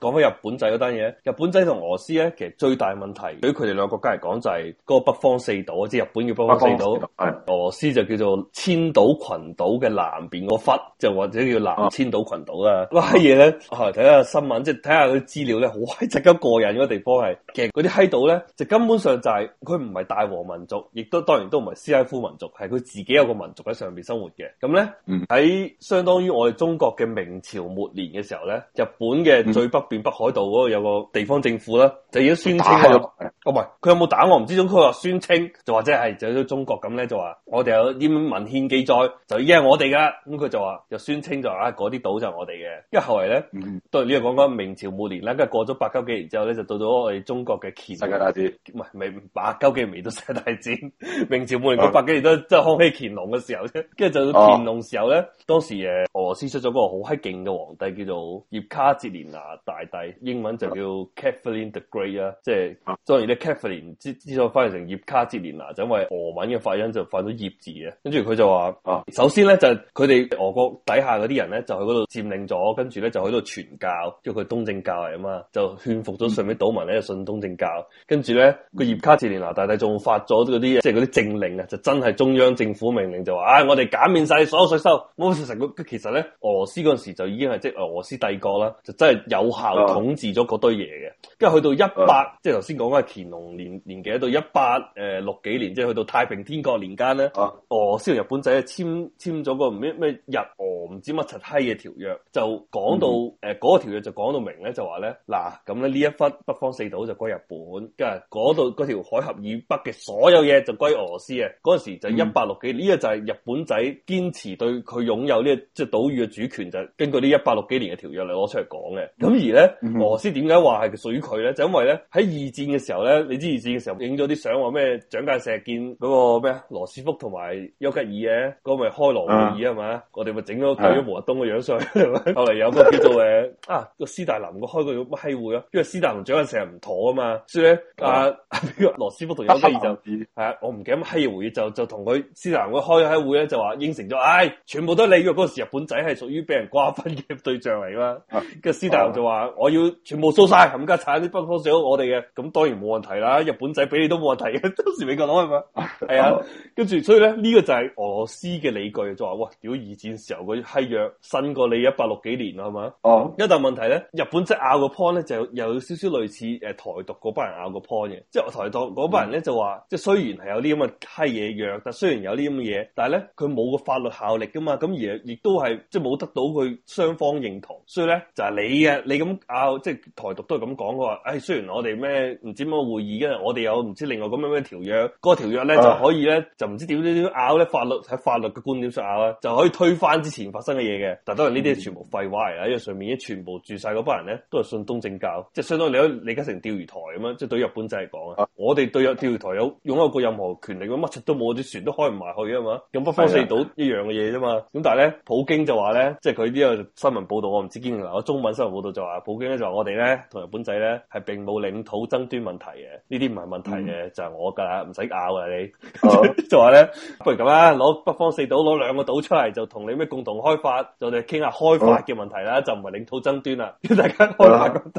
講翻日本仔嗰單嘢，日本仔同俄羅斯咧，其實最大問題，對於佢哋兩個國家嚟講，就是，就係嗰個北方四島，即係日本嘅北方四島，四島俄羅斯就叫做千島群島嘅南邊個忽，就的或者叫南千島群島啦。嗰嘢咧，我嚟睇下新聞，即係睇下啲資料咧，好閪值得過癮嗰個人地方係，其實嗰啲閪島咧，就根本上就係佢唔係大和民族，亦都當然都唔係斯拉夫民族，係佢自己有個民族喺上邊生活嘅。咁咧喺相當於我哋中國嘅明朝末年嘅時候咧，日本嘅最、嗯北邊北海道嗰個有個地方政府啦，就已經宣稱咯。哦了，唔係佢有冇打我唔知，咁佢話宣稱，就或者係就都中國咁咧，就話我哋有啲文獻記載，就已經係我哋噶。咁佢就話又宣稱就啊，嗰啲島就係我哋嘅。因為後來咧，對呢、嗯、個講講明朝末年啦，跟住過咗八九幾年之後咧就到咗我哋中國嘅乾隆世界大戰，唔係明百鳩幾年未到世界大戰。明朝末年嗰百幾，幾，幾年都即係康熙乾隆嘅時候啫。跟住就到乾隆的時候咧，啊、當時誒俄羅斯出咗個好閪勁嘅皇帝叫做葉卡捷琳娜。大帝英文就叫 Catherine the Great 即係啊，即係當然咧 Catherine 之之所以翻譯成葉卡捷琳娜，就因為俄文嘅發音就發咗葉字啊。跟住佢就話：首先咧就佢、是、哋俄國底下嗰啲人咧就喺嗰度佔領咗，跟住咧就喺度傳教，即係佢東正教嚟啊嘛，就勸服咗上面島民咧信東正教。跟住咧個葉卡捷琳娜大帝仲發咗嗰啲，即係嗰啲政令啊，就真係中央政府命令就話：唉、哎，我哋減免晒所有稅收。咁其實咧，俄羅斯嗰陣時就已經係即、就是、俄羅斯帝國啦，就真係有。有效統治咗嗰堆嘢嘅，跟住去到一八，啊、即係頭先講嘅乾隆年年紀，到一八、呃、六幾年，即係去到太平天國年間咧。啊、俄斯同日本仔簽簽咗個唔咩日俄唔知乜柒閪嘅條約，就講到嗰、嗯呃嗰個條約就講到明咧，就話咧，嗱，咁咧呢一忽北方四島就歸日本，跟住嗰度嗰條海峽以北嘅所有嘢就歸俄斯啊。嗰、陣、時就一八六幾年，呢、嗯、個就係日本仔堅持對佢擁有呢即係島嶼嘅主權，就係、根據呢一八六幾年嘅條約嚟攞出嚟講嘅。嗯咁而咧，俄羅、嗯、哼斯點解話係屬於佢咧？就因為咧喺二戰嘅時候咧，你知二戰嘅時候影咗啲相話咩蔣介石見嗰個咩羅斯福同埋丘吉爾嘅、啊，嗰、那個咪開羅會議係嘛？我哋咪整咗佢咗毛澤東個樣上去。嗯、 後嚟有個叫做誒啊個斯大林開個開個咩會啊。因為斯大林蔣介石唔妥啊嘛，所以阿羅、嗯啊那個、斯福同丘吉爾係、嗯、啊，我唔記得咩會就就同佢斯大林開開咗會咧，就話應承咗，唉、哎，全部都係你。因為嗰時日本仔係屬於俾人瓜分嘅對象嚟嘛，嗯、斯大林、嗯。話我要全部收晒，冚家鏟啲北方少我哋嘅，咁當然冇問題啦。日本仔俾你都冇問題嘅，當時美國佬係咪？係啊，跟住 所以咧呢個就係俄羅斯嘅理據，就話哇屌二戰時候佢係約新過你一百六幾年啦，係嘛？哦， 一大問題咧，日本即係拗個 point 咧，就有少少類似誒台獨嗰班人拗個 point 嘅，即係我台獨嗰班人咧，就話，即係雖然係有啲咁嘅閪嘢約，但雖然有啲咁嘅嘢，但係咧佢冇個法律效力噶嘛，咁而亦都係即係冇得到佢雙方認同，所以咧就係你嘅。你咁拗，即係台獨都係咁講，佢、哎、話，誒雖然我哋咩唔知乜會議，跟住我哋有唔知另外咁樣咩條約，嗰、那個條約咧就可以咧，啊、就唔知點點點拗咧，法律喺法律嘅觀點上拗啊，就可以推翻之前發生嘅嘢嘅。但當然呢啲全部廢話嚟啊，因為上面一全部住晒嗰班人咧，都係信東正教，即係相當你喺李嘉誠釣魚台咁啊，即係對日本仔嚟講啊，我哋對釣魚台有擁有過任何權力，乜都冇，啲船都開唔埋去啊嘛，咁北方四島的一樣嘅嘢啫嘛。咁但係咧，普京就話咧，即係佢呢個新聞報導，我唔知堅定我中文新聞報導就話普京咧就話我哋咧同日本仔咧係並冇領土爭端問題嘅，呢啲唔係問題嘅、嗯、就係我噶啦，唔使拗嘅你。啊、就話咧不如咁啊攞北方四島攞兩個島出嚟，就同你咩共同開發，就嚟傾下開發嘅問題啦，啊、就唔係領土爭端啦。大家得，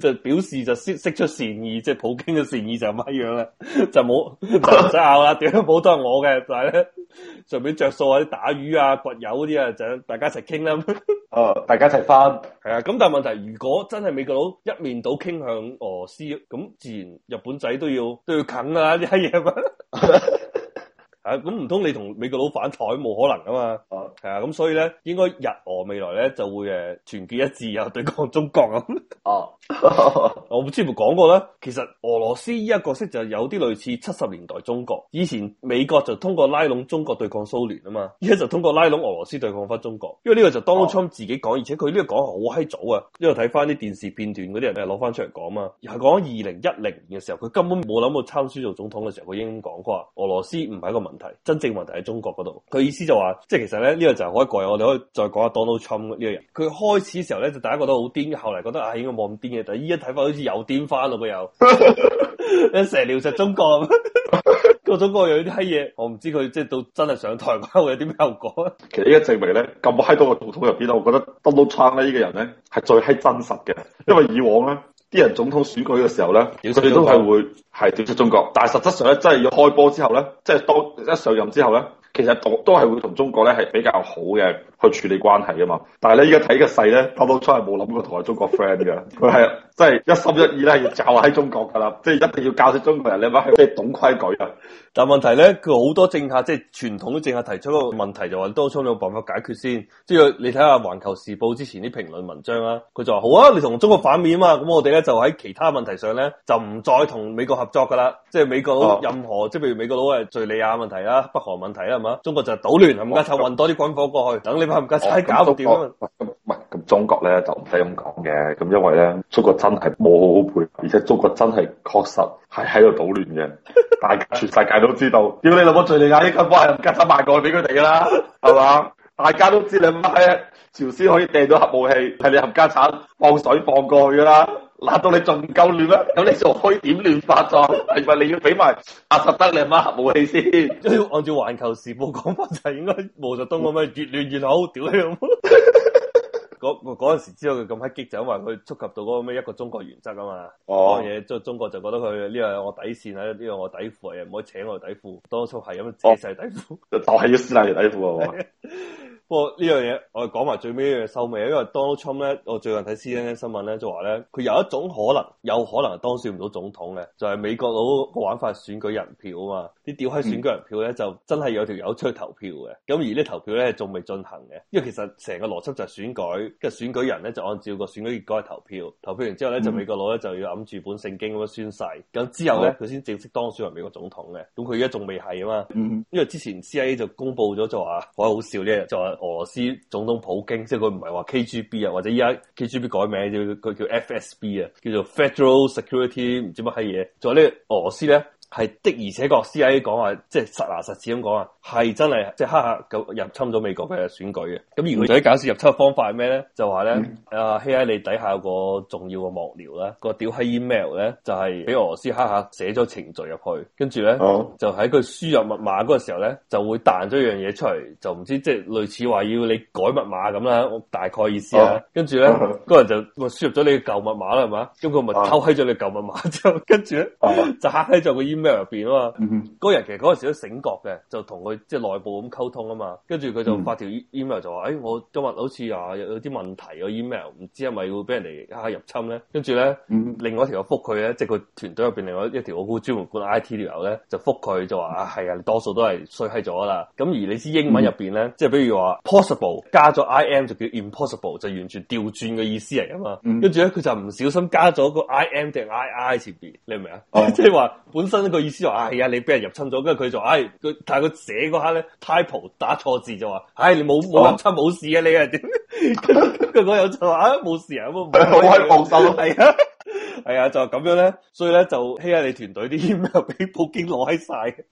就表示就識識出善意，即係普京嘅善意就乜一樣啦，就冇就唔使拗啦。點都冇都係我嘅，就係咧，順、啊、便着數啲打魚啊、掘油嗰啲啊，就大家一齊傾啦。哦、大家一齊翻，係啊，咁但係問題，如果真係美國佬一面倒傾向俄斯，咁自然日本仔都要都要近啊呢閪嘢啊，咁唔通你同美國佬反台冇可能噶嘛？哦，係啊，咁所以咧，應該日俄未來咧就會誒團結一致又對抗中國咁。哦 ，uh, uh, uh, 我唔知有冇講過啦。其實俄羅斯依一個角色就有啲類似七十年代中國，以前美國就通過拉攏中國對抗蘇聯啊嘛，依家就通過拉攏俄羅斯對抗翻中國。因為呢個就 Donald Trump 自己講，uh, 而且佢呢個講好閪早啊，因為睇翻啲電視片段嗰啲人誒攞翻出嚟講嘛，係講二零一零年嘅時候，佢根本冇諗過參選做總統嘅時候，佢已經講過話，俄羅斯唔係一個民。真正問題喺中國嗰度，佢意思就話，即係其實咧呢，這個就係好一怪，我哋可以再講下 Donald Trump 呢個人。佢開始嘅時候咧就大家覺得好癲，後嚟覺得啊應該望癲冇咁癲嘅，但係依家睇返好似又癲翻咯，佢又成日撩實中國， 各種各樣啲閪嘢，我唔知佢即係到真係上台會有啲咩後果啊。其實依家證明咧咁閪多個總統入邊，我覺得 Donald Trump 咧呢個人咧係最閪真實嘅，因為以往咧。 啲人總統選舉嘅時候呢，佢哋都係會係對出中國，但係實質上呢，真係要開波之後呢，即係、就是、當一上任之後呢。其實都都係會同中國咧係比較好嘅去處理關係啊嘛，但係咧依家睇個勢咧，特朗普係冇諗過同阿中國 friend 嘅，佢係真係一心一意咧要罩喺中國㗎啦，即係一定要教識中國人你唔好即係懂規矩啊！但問題咧，佢好多政客即係傳統嘅政客提出個問題就話，當初你有冇辦法解決先？即係你睇下《環球時報》之前啲評論文章啊，佢就話好啊，你同中國反面啊嘛，咁我哋咧就喺其他問題上咧就唔再同美國合作㗎啦，即係美國任何、啊、即係譬如美國佬係敍利亞問題啦，北韓問題啦。中國就係搗亂，冚家產運多啲軍火過去，等你把冚家產搞掂啊！唔係咁，中國咧就唔使咁講嘅，咁因為咧，中國真係冇好配合，而且中國真係確實係喺度搗亂嘅，大家全世界都知道，屌你老母敘利亞啲軍火冚家產賣過去俾佢哋噶啦，係嘛？大家都知你唔係啊，朝鮮可以掟到核武器，係你冚家產放水放過去噶啦。辣到你仲夠亂啦，咁你仲可以點亂發作？係咪你要俾埋阿薩德你媽核武器先？按照環球時報講法就係、是、應該毛澤東咁樣越亂越好，屌你！嗰嗰陣時知道佢咁閪激就因為佢觸及到嗰個咩一個中國原則啊嘛。哦。嘢，中中國就覺得佢呢個我底線啊，呢個我底褲，唔可以請我底褲，多數係咁扯晒底褲，就係要撕爛條底褲啊不過呢樣嘢我哋講埋最尾一樣收尾，因為 Donald Trump 咧，我最近睇 C N N 新聞咧就話咧，佢有一種可能，有可能當選唔到總統嘅，就係、是、美國佬個玩法選舉人票啊嘛，啲掉開選舉人票咧就真係有條友出去投票嘅，咁而呢投票咧仲未進行嘅，因為其實成個邏輯就係選舉，跟住選舉人咧就按照個選舉結果去投票，投票完之後咧、嗯、就美國佬咧就要揞住本聖經咁樣宣誓，咁之後咧佢先正式當選為美國總統嘅，咁佢而家仲未係啊嘛，因為之前 C I A 就公佈咗就話，好搞笑呢，就話。俄羅斯總統普京，即係佢唔係話 KGB 啊，或者依家 KGB 改名叫佢叫 FSB 啊，叫做 Federal Security 唔知乜閪嘢，仲有呢個俄羅斯咧。係的，而且確，CIA 講話，即係實牙實齒咁講啊，係真係即係黑客入侵咗美國嘅選舉嘅。咁而佢啲搞事入侵嘅方法係咩咧？就話咧，阿希拉里底下有個重要嘅幕僚咧，個屌閪 email 咧，就係、是、俾俄羅斯黑客寫咗程序入去，跟住咧就喺佢輸入密碼嗰個時候咧，就會彈咗一樣嘢出嚟，就唔知即係類似話要你改密碼咁啦，我大概意思啦。跟住咧，嗰、啊、人就話輸入咗你舊密碼啦，係嘛？咁佢咪偷閪咗你舊密碼之後，跟住咧就黑閪咗個 email。入邊啊嘛，嗰、mm hmm. 人其實嗰陣時都醒覺嘅，就同佢即係內部咁溝通啊嘛。跟住佢就發條 email 就話：誒、哎，我今日好似啊有啲問題個 email，唔知係咪會俾人哋啊入侵咧？跟住咧，mm hmm. 另外一條覆佢咧，即係佢團隊入邊另外一條我估、就是、專門管 IT 條友咧，就覆佢就話：啊，係啊，你多數都係衰閪咗啦。咁而你知英文入邊咧，mm hmm. 即係比如話 possible 加咗 i m 就叫 impossible，就完全調轉嘅意思嚟㗎嘛。跟住咧，佢、hmm. 就唔小心加咗個 i m 定 i i 前邊，你明唔明啊？即係話本身。個意思話，哎呀，你俾人入侵咗，跟住佢就話，哎，佢但係佢寫嗰刻咧，typo 打錯字就話，哎，你冇冇入侵冇事啊？你啊點？佢嗰友就話，啊，冇事啊，好開放心係啊，係 啊，就咁、是、樣咧，所以咧就 hack 下你團隊啲 email 俾普京攞喺晒。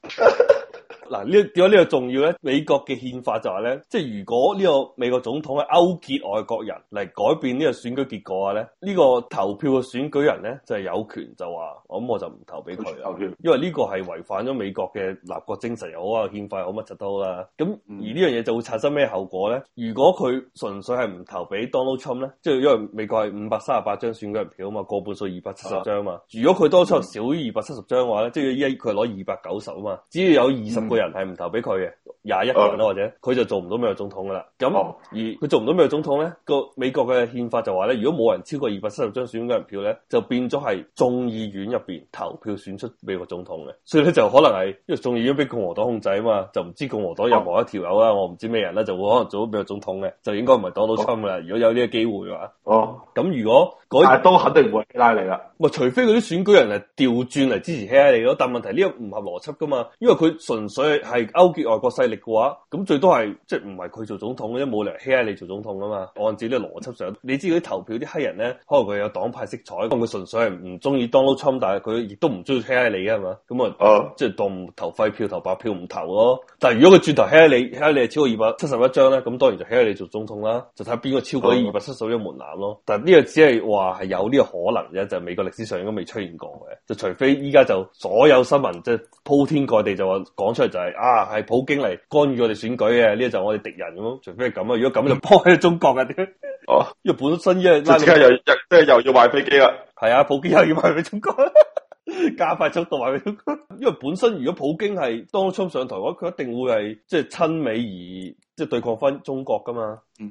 嗱，呢個點解呢個重要咧？美國嘅憲法就話咧，即係如果呢個美國總統係勾結外國人嚟改變呢個選舉結果啊咧，呢、呢個投票嘅選舉人咧就係、係、有權就話，咁我，我就唔投俾佢啊，投票因為呢個係違反咗美國嘅立國精神又好啊，憲法又好乜柒都好啦。咁而呢樣嘢就會產生咩後果咧？如果佢純粹係唔投俾 Donald Trump 咧，即係因為美國係五百三十八張選舉人票啊嘛，過半數二百七十張啊嘛，如果佢多出少於二百七十張嘅話咧，嗯、即係依家佢係攞二百九十啊嘛，只要有二十冇人係唔投俾佢嘅。廿一個人咯，或者佢就做唔到美國總統噶啦。咁而佢做唔到美國總統咧，個美國嘅憲法就話咧，如果冇人超過二百七十張選舉人票咧，就變咗係眾議院入邊投票選出美國總統嘅。所以咧就可能係因為眾議院俾共和黨控制啊嘛，就唔知共和黨任何一條友啦，啊、我唔知咩人咧就會可能做咗美國總統嘅，就應該唔係當勞侵啦。啊、如果有呢個機會嘅話啊，哦，咁如果嗰都肯定唔會希拉里啦，咪，除非嗰啲選舉人係調轉嚟支持希拉里咯。但問題呢個唔合邏輯噶嘛，因為佢純粹係勾結外國勢力。嘅話，咁最多係即係唔係佢做總統，因為冇理由希拉里做總統啊嘛。按照呢個邏輯上，你知佢投票啲黑人咧，可能佢有黨派色彩，咁佢純粹係唔中意 Donald Trump，但係佢亦都唔中意希拉里啊嘛。咁啊，uh. 即係當投廢票、投白票唔投咯。但係如果佢轉頭希拉里，希拉里係超過二百七十一張咧，咁當然就希拉里做總統啦。就睇下邊個超過二百七十一門檻咯。但係呢個只係話係有呢個可能嘅，就係、是、美國歷史上應該未出現過嘅。就除非依家就所有新聞即係鋪天蓋地就話講出嚟就係、是、啊，係普京嚟。干預我哋選舉嘅呢個就我哋敵人咁，除非係咁啊！如果咁就幫喺中國嘅，哦，啊、因為本身依係即係又即係又,又要買飛機啦，係啊，普京又要買俾中國，加快速度買俾中國。因為本身如果普京係當初上台嘅話，我佢一定會係即係親美而即係、就是、對抗翻中國噶嘛。嗯